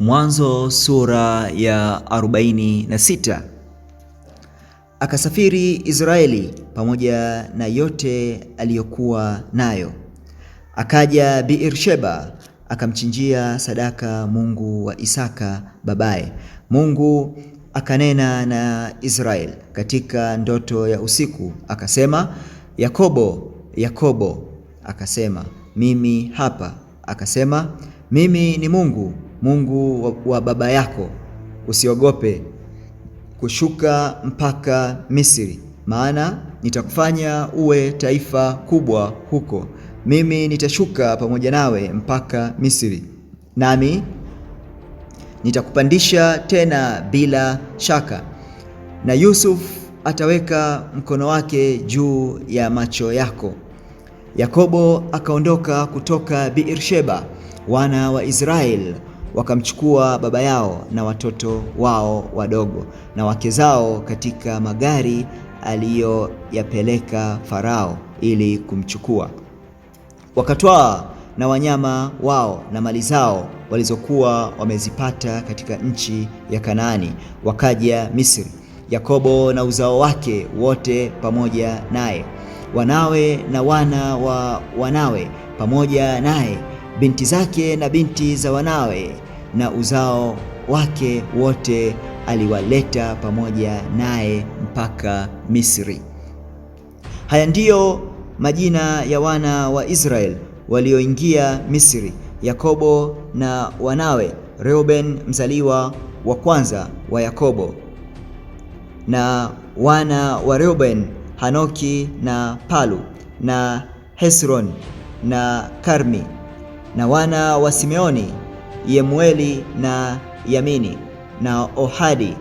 Mwanzo sura ya 46. Akasafiri Israeli pamoja na yote aliyokuwa nayo, akaja biirsheba akamchinjia sadaka Mungu wa Isaka babaye. Mungu akanena na Israeli katika ndoto ya usiku, akasema, Yakobo, Yakobo. Akasema, mimi hapa. Akasema, mimi ni Mungu Mungu wa, baba yako, usiogope kushuka mpaka Misri, maana nitakufanya uwe taifa kubwa huko. Mimi nitashuka pamoja nawe mpaka Misri, nami nitakupandisha tena bila shaka, na Yusuf ataweka mkono wake juu ya macho yako. Yakobo akaondoka kutoka Beersheba, wana wa Israeli wakamchukua baba yao na watoto wao wadogo na wake zao katika magari aliyoyapeleka Farao ili kumchukua. Wakatwaa na wanyama wao na mali zao walizokuwa wamezipata katika nchi ya Kanaani, wakaja Misri, Yakobo na uzao wake wote pamoja naye, wanawe na wana wa wanawe pamoja naye binti zake na binti za wanawe na uzao wake wote aliwaleta pamoja naye mpaka Misri. Haya ndiyo majina ya wana wa Israel walioingia Misri: Yakobo na wanawe, Reuben mzaliwa wa kwanza wa Yakobo, na wana wa Reuben, Hanoki na Palu na Hesron na Karmi na wana wa Simeoni Yemueli na Yamini na Ohadi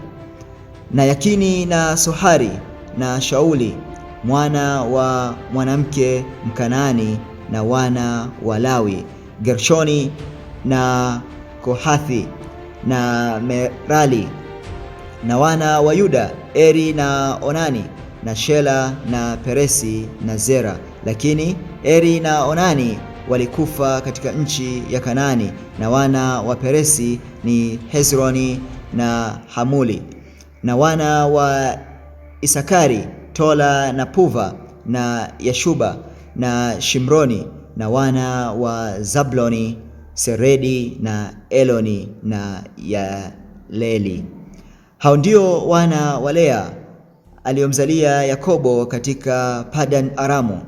na Yakini na Sohari na Shauli mwana wa mwanamke Mkanaani na wana wa Lawi Gershoni na Kohathi na Merali na wana wa Yuda Eri na Onani na Shela na Peresi na Zera. Lakini Eri na Onani walikufa katika nchi ya Kanaani, na wana wa Peresi ni Hezroni na Hamuli, na wana wa Isakari Tola na Puva na Yashuba na Shimroni, na wana wa Zabloni Seredi na Eloni na Yaleli. Hao ndio wana wa Lea aliyomzalia Yakobo katika Padan Aramu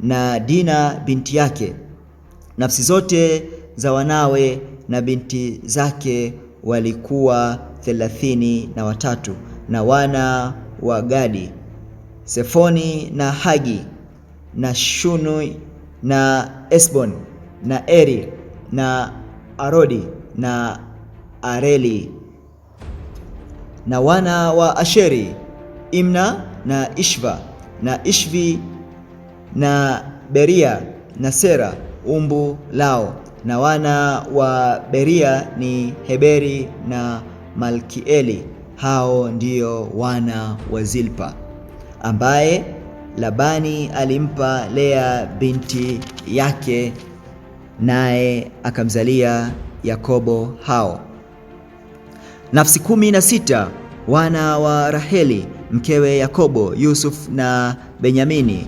na Dina binti yake. Nafsi zote za wanawe na binti zake walikuwa thelathini na watatu, na wana wa Gadi Sefoni na Hagi na Shunui na Esbon na Eri na Arodi na Areli na wana wa Asheri Imna na Ishva na Ishvi na Beria na Sera umbu lao, na wana wa Beria ni Heberi na Malkieli. Hao ndio wana wa Zilpa ambaye Labani alimpa Lea binti yake, naye akamzalia Yakobo. Hao nafsi kumi na sita wana wa Raheli mkewe Yakobo, Yusuf na Benyamini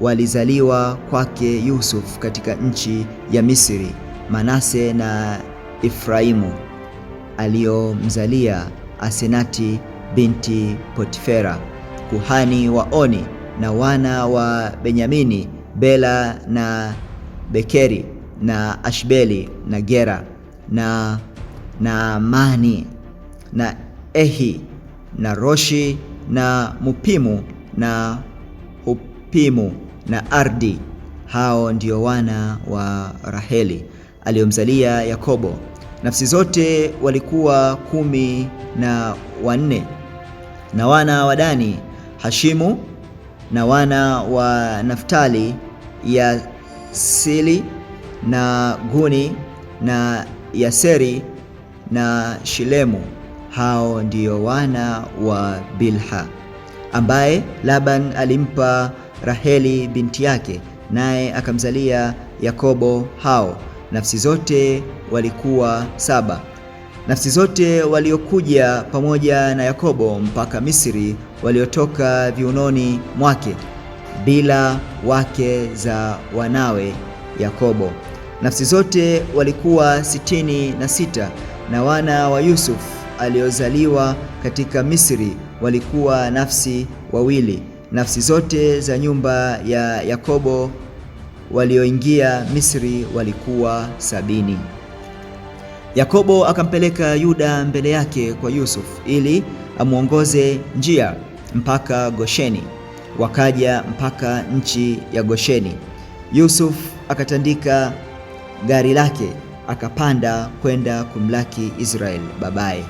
walizaliwa kwake Yusuf katika nchi ya Misri. Manase na Efraimu aliyomzalia Asenati binti Potifera kuhani wa Oni, na wana wa Benyamini Bela na Bekeri na Ashbeli na Gera na Naamani na Ehi na Roshi na Mupimu na Hupimu na Ardi. Hao ndio wana wa Raheli aliyomzalia Yakobo. Nafsi zote walikuwa kumi na wanne. Na wana wa Dani Hashimu, na wana wa Naftali Yasili na Guni na Yaseri na Shilemu. Hao ndio wana wa Bilha ambaye Laban alimpa Raheli binti yake, naye akamzalia Yakobo. Hao nafsi zote walikuwa saba. Nafsi zote waliokuja pamoja na Yakobo mpaka Misri, waliotoka viunoni mwake, bila wake za wanawe Yakobo. Nafsi zote walikuwa sitini na sita, na wana wa Yusuf aliozaliwa katika Misri walikuwa nafsi wawili. Nafsi zote za nyumba ya Yakobo walioingia Misri walikuwa sabini. Yakobo akampeleka Yuda mbele yake kwa Yusuf ili amwongoze njia mpaka Gosheni. Wakaja mpaka nchi ya Gosheni. Yusuf akatandika gari lake akapanda kwenda kumlaki israel babaye.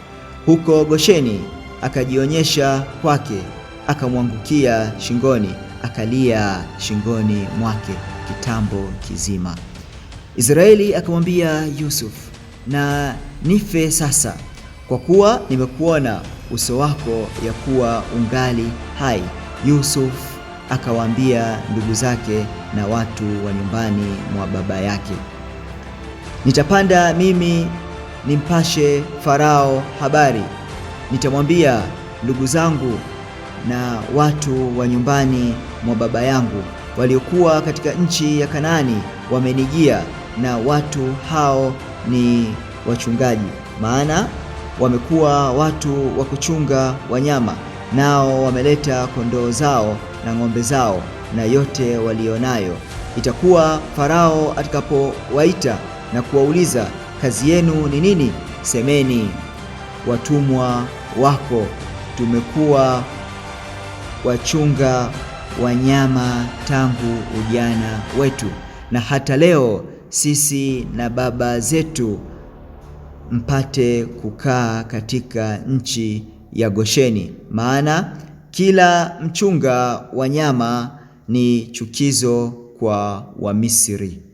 Huko Gosheni akajionyesha kwake akamwangukia shingoni, akalia shingoni mwake kitambo kizima. Israeli akamwambia Yusuf, na nife sasa, kwa kuwa nimekuona uso wako ya kuwa ungali hai. Yusuf akawaambia ndugu zake na watu wa nyumbani mwa baba yake, nitapanda mimi nimpashe Farao habari, nitamwambia ndugu zangu na watu wa nyumbani mwa baba yangu waliokuwa katika nchi ya Kanaani wamenijia, na watu hao ni wachungaji, maana wamekuwa watu wa kuchunga wanyama, nao wameleta kondoo zao na ng'ombe zao na yote walionayo. Itakuwa Farao atakapowaita na kuwauliza kazi yenu ni nini, semeni, watumwa wako tumekuwa wachunga wanyama tangu ujana wetu, na hata leo sisi na baba zetu, mpate kukaa katika nchi ya Gosheni, maana kila mchunga wanyama ni chukizo kwa Wamisri.